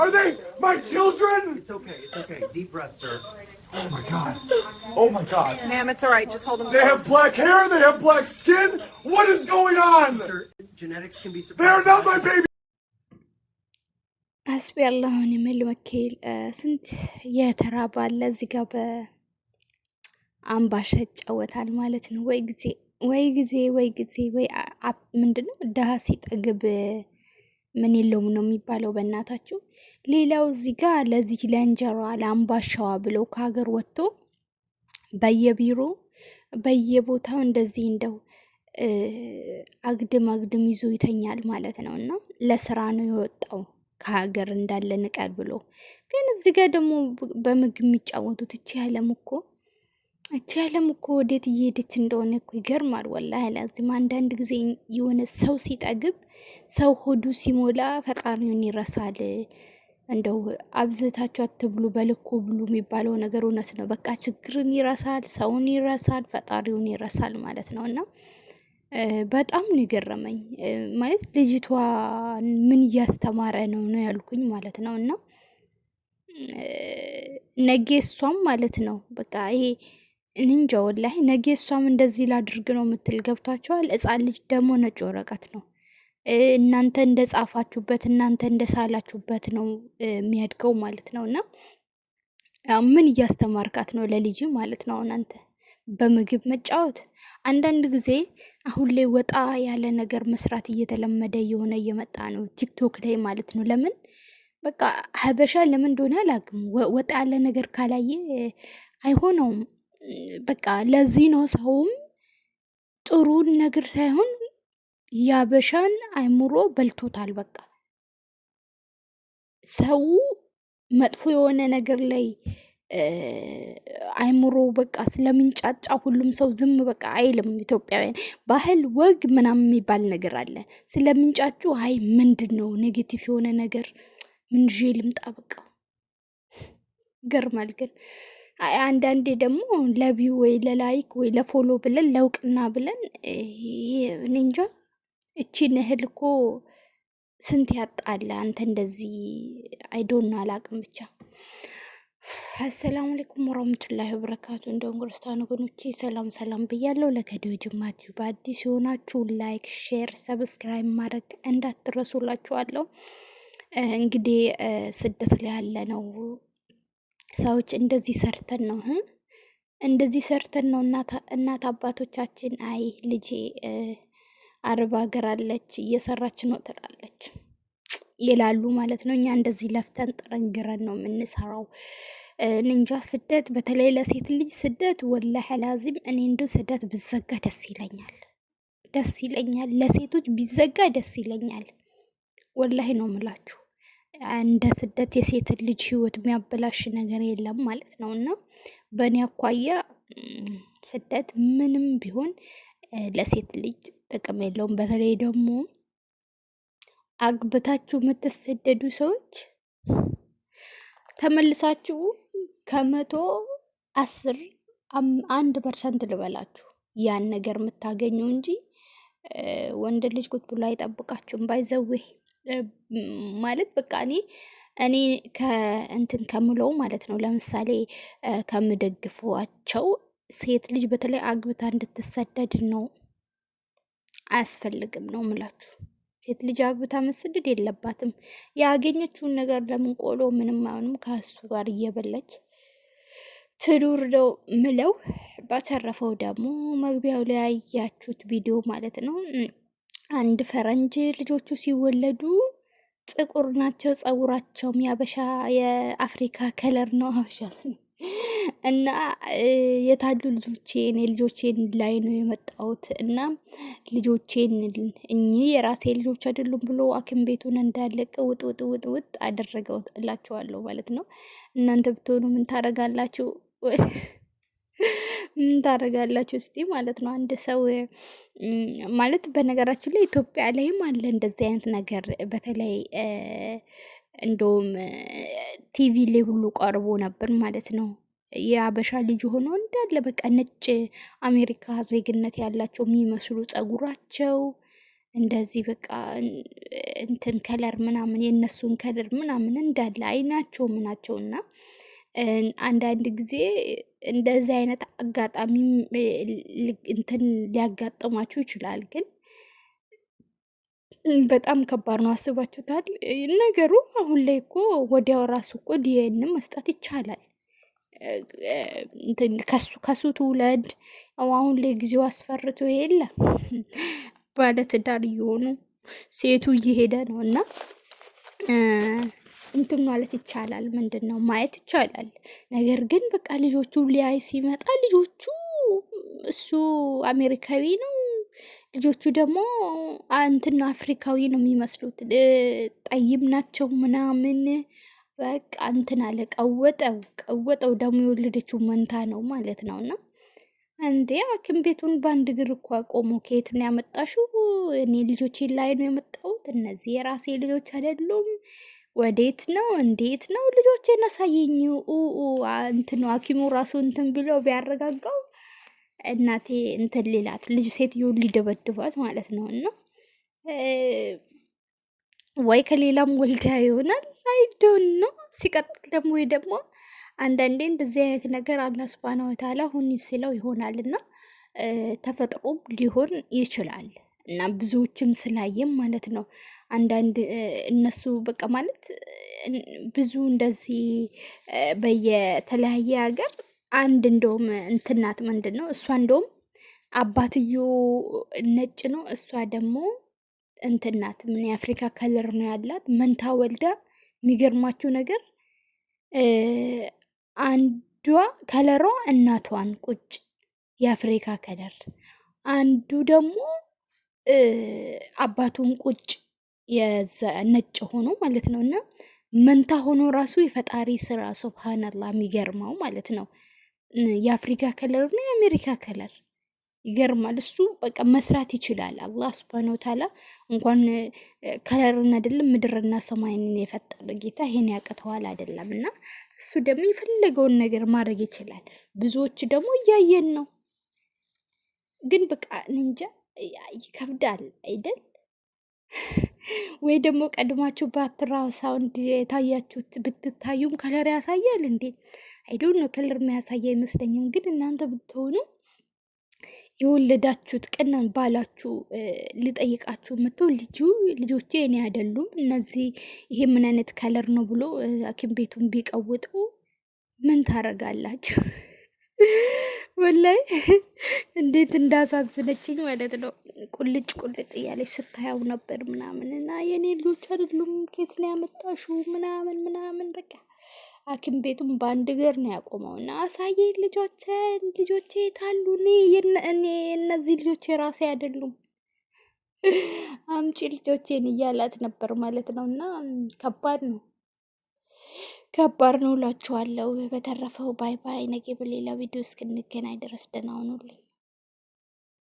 Are they my children? It's okay. It's okay. Deep breath, sir. Oh my god. Oh my god. Ma'am, it's all right. Just hold them. They close. have black hair. They have black skin. What is going on? Sir, genetics can be. They are not my baby. حسبي الله ونعم الوكيل ስንት የተራበ አለ እዚህ ጋር በአምባሻ ይጫወታል ማለት ነው። ወይ ጊዜ ወይ ጊዜ ወይ ጊዜ ወይ ምንድነው ሲጠግብ ምን የለውም ነው የሚባለው በእናታችሁ። ሌላው እዚህ ጋር ለዚህ ለእንጀራ ለአምባሻዋ ብለው ከሀገር ወጥቶ በየቢሮ በየቦታው እንደዚህ እንደው አግድም አግድም ይዞ ይተኛል ማለት ነው። እና ለስራ ነው የወጣው ከሀገር እንዳለ ንቀል ብሎ ግን እዚህ ጋር ደግሞ በምግብ የሚጫወቱት እቺ ያለም እኮ እቺ ዓለም እኮ ወዴት እየሄደች እንደሆነ እኮ ይገርማል። ወላ ላዚም አንዳንድ ጊዜ የሆነ ሰው ሲጠግብ ሰው ሆዱ ሲሞላ ፈጣሪውን ይረሳል። እንደው አብዝታችሁ አትብሉ፣ በልኩ ብሉ የሚባለው ነገር እውነት ነው። በቃ ችግርን ይረሳል፣ ሰውን ይረሳል፣ ፈጣሪውን ይረሳል ማለት ነው። እና በጣም ነው የገረመኝ ማለት ልጅቷ ምን እያስተማረ ነው ነው ያልኩኝ ማለት ነው። እና ነጌ እሷም ማለት ነው በቃ ይሄ እንጃ ወላሂ ነገ እሷም እንደዚህ ላድርግ ነው የምትል ገብቷቸዋል። ሕፃን ልጅ ደግሞ ነጭ ወረቀት ነው። እናንተ እንደ ጻፋችሁበት እናንተ እንደ ሳላችሁበት ነው የሚያድገው ማለት ነው። እና ምን እያስተማርካት ነው ለልጅ ማለት ነው? አሁን አንተ በምግብ መጫወት አንዳንድ ጊዜ አሁን ላይ ወጣ ያለ ነገር መስራት እየተለመደ የሆነ እየመጣ ነው፣ ቲክቶክ ላይ ማለት ነው። ለምን በቃ ሀበሻ ለምን እንደሆነ አላውቅም፣ ወጣ ያለ ነገር ካላየ አይሆነውም። በቃ ለዚህ ነው ሰውም ጥሩን ነገር ሳይሆን ያበሻን አይምሮ በልቶታል። በቃ ሰው መጥፎ የሆነ ነገር ላይ አይምሮ በቃ ስለምንጫጫ ሁሉም ሰው ዝም በቃ አይልም። ኢትዮጵያውያን ባህል ወግ ምናምን የሚባል ነገር አለ። ስለምንጫጩ አይ ምንድን ነው ኔጌቲቭ የሆነ ነገር ምን ይዤ ልምጣ በቃ ገርማል ግን አንዳንዴ ደግሞ ለቪው ወይ ለላይክ ወይ ለፎሎ ብለን ለውቅና ብለን እኔ እንጃ እቺን እህል እኮ ስንት ያጣለ አንተ እንደዚህ አይዶና አላቅም ብቻ። አሰላሙ አለይኩም ወራህመቱላሂ ወበረካቱ። እንደውም ክርስቲያን ወገኖቼ ሰላም ሰላም ብያለሁ። ለከዲዮ ጅማችሁ በአዲስ የሆናችሁ ላይክ፣ ሼር፣ ሰብስክራይብ ማድረግ እንዳትረሱላችኋለሁ። እንግዲህ ስደት ላይ ያለ ነው ሰዎች እንደዚህ ሰርተን ነው እንደዚህ ሰርተን ነው እናት አባቶቻችን፣ አይ ልጄ አረብ ሀገር አለች እየሰራች ነው ትላለች ይላሉ ማለት ነው። እኛ እንደዚህ ለፍተን ጥረን ግረን ነው የምንሰራው። እንጃ ስደት፣ በተለይ ለሴት ልጅ ስደት ወላሂ ላዚም እኔ እንዶ ስደት ብዘጋ ደስ ይለኛል፣ ደስ ይለኛል። ለሴቶች ቢዘጋ ደስ ይለኛል። ወላሂ ነው ምላችሁ። እንደ ስደት የሴትን ልጅ ህይወት የሚያበላሽ ነገር የለም ማለት ነው። እና በእኔ አኳያ ስደት ምንም ቢሆን ለሴት ልጅ ጥቅም የለውም። በተለይ ደግሞ አግብታችሁ የምትሰደዱ ሰዎች ተመልሳችሁ ከመቶ አስር አንድ ፐርሰንት ልበላችሁ ያን ነገር የምታገኘው እንጂ ወንድ ልጅ ቁጭ ብሎ አይጠብቃችሁም ባይዘዌ ማለት በቃ እኔ እኔ ከእንትን ከምለው ማለት ነው ለምሳሌ ከምደግፈዋቸው ሴት ልጅ በተለይ አግብታ እንድትሰደድ ነው አያስፈልግም ነው ምላችሁ። ሴት ልጅ አግብታ መሰደድ የለባትም። ያገኘችውን ነገር ለምን ቆሎ ምንም አይሆንም ከእሱ ጋር እየበላች ትዱር ነው ምለው። በተረፈው ደግሞ መግቢያው ላይ ያያችሁት ቪዲዮ ማለት ነው አንድ ፈረንጅ ልጆቹ ሲወለዱ ጥቁር ናቸው። ጸጉራቸውም ያበሻ የአፍሪካ ከለር ነው። አበሻ እና የታሉ ልጆቼን የልጆቼን ላይ ነው የመጣሁት እና ልጆቼን እኚህ የራሴ ልጆች አይደሉም ብሎ ሐኪም ቤቱን እንዳለቀ ውጥ ውጥ ውጥ ውጥ አደረገው እላችኋለሁ ማለት ነው። እናንተ ብትሆኑ ምን ታደርጋላችሁ? ታደርጋላችሁ እስቲ ማለት ነው። አንድ ሰው ማለት በነገራችን ላይ ኢትዮጵያ ላይም አለ እንደዚህ አይነት ነገር በተለይ እንደውም ቲቪ ላይ ሁሉ ቀርቦ ነበር ማለት ነው። የአበሻ ልጅ ሆኖ እንዳለ በቃ ነጭ አሜሪካ ዜግነት ያላቸው የሚመስሉ ጸጉራቸው እንደዚህ በቃ እንትን ከለር ምናምን የእነሱን ከለር ምናምን እንዳለ አይናቸው ምናቸውና አንዳንድ ጊዜ እንደዚህ አይነት አጋጣሚ እንትን ሊያጋጥማችሁ ይችላል። ግን በጣም ከባድ ነው። አስባችሁታል? ነገሩ አሁን ላይ እኮ ወዲያው ራሱ እኮ ዲኤን መስጠት ይቻላል። ከሱ ከሱ ትውለድ አሁን ላይ ጊዜው አስፈርቶ የለ ባለትዳር እየሆኑ ሴቱ እየሄደ ነው እና እንትን ማለት ይቻላል፣ ምንድን ነው ማየት ይቻላል። ነገር ግን በቃ ልጆቹ ሊያይ ሲመጣ ልጆቹ እሱ አሜሪካዊ ነው፣ ልጆቹ ደግሞ እንትን አፍሪካዊ ነው የሚመስሉት። ጠይም ናቸው ምናምን በቃ እንትን አለ ቀወጠው ቀወጠው። ደግሞ የወለደችው መንታ ነው ማለት ነው። እና እንዴ ሐኪም ቤቱን በአንድ እግር እኮ ቆሞ ከየት ነው ያመጣሽው? እኔ ልጆቼ ላይ ነው የመጣሁት፣ እነዚህ የራሴ ልጆች አይደሉም ወዴት ነው እንዴት ነው ልጆች የነሳየኝ እንትን ሐኪሙ ራሱ እንትን ብሎ ቢያረጋጋው እናቴ እንትን ሌላት ልጅ ሴትዮን ሊደበድቧት ማለት ነው። እና ወይ ከሌላም ወልዲያ ይሆናል አይዶን ነው። ሲቀጥል ደግሞ ወይ ደግሞ አንዳንዴ እንደዚህ አይነት ነገር አላ ሱብሃነሁ ወተዓላ ሁን ሲለው ይሆናል እና ተፈጥሮም ሊሆን ይችላል። እና ብዙዎችም ስላየም ማለት ነው አንዳንድ እነሱ በቃ ማለት ብዙ እንደዚህ በየተለያየ ሀገር አንድ እንደውም እንትናት ምንድን ነው እሷ እንደውም አባትዮ ነጭ ነው፣ እሷ ደግሞ እንትናት ምን የአፍሪካ ከለር ነው ያላት መንታ ወልዳ። የሚገርማችሁ ነገር አንዷ ከለሯ እናቷን ቁጭ የአፍሪካ ከለር አንዱ ደግሞ አባቱን ቁጭ ነጭ ሆኖ ማለት ነው እና መንታ ሆኖ ራሱ የፈጣሪ ስራ ሱብሃነላ የሚገርመው ማለት ነው። የአፍሪካ ከለር እና የአሜሪካ ከለር ይገርማል። እሱ በቃ መስራት ይችላል። አላህ ሱብሃነሁ ወተዓላ እንኳን ከለርን አይደለም ምድርና ሰማይን የፈጠረ ጌታ ይሄን ያቅተዋል አይደለም። እና እሱ ደግሞ የፈለገውን ነገር ማድረግ ይችላል። ብዙዎች ደግሞ እያየን ነው፣ ግን በቃ እንጃ ይከብዳል አይደል? ወይ ደግሞ ቀድማችሁ ባትራ የታያችሁት ብትታዩም ከለር ያሳያል እንዴ? አይዶን ነው ከለር የሚያሳይ አይመስለኝም። ግን እናንተ ብትሆኑ የወለዳችሁት ቀና ባላችሁ ልጠይቃችሁ መጥቶ ልጁ ልጆቼ እኔ አይደሉም እነዚህ ይሄ ምን አይነት ከለር ነው ብሎ ሐኪም ቤቱን ቢቀውጡ ምን ታደርጋላችሁ? ወላይ እንዴት እንዳሳዝነችኝ ማለት ነው። ቁልጭ ቁልጭ እያለች ስታያው ነበር ምናምን እና የኔ ልጆች አይደሉም ኬት ነው ያመጣሹ ምናምን ምናምን በቃ ሐኪም ቤቱም በአንድ እግር ነው ያቆመው እና አሳየ ልጆችን ልጆቼ የታሉ? እኔ እነዚህ ልጆቼ ራሴ አይደሉም አምጪ ልጆቼን እያላት ነበር ማለት ነው። እና ከባድ ነው። ከባድ ነው እላችኋለሁ። በተረፈው ባይ ባይ። ነገ በሌላ ቪዲዮ እስክንገናኝ ድረስ ደህና ሁኑልኝ።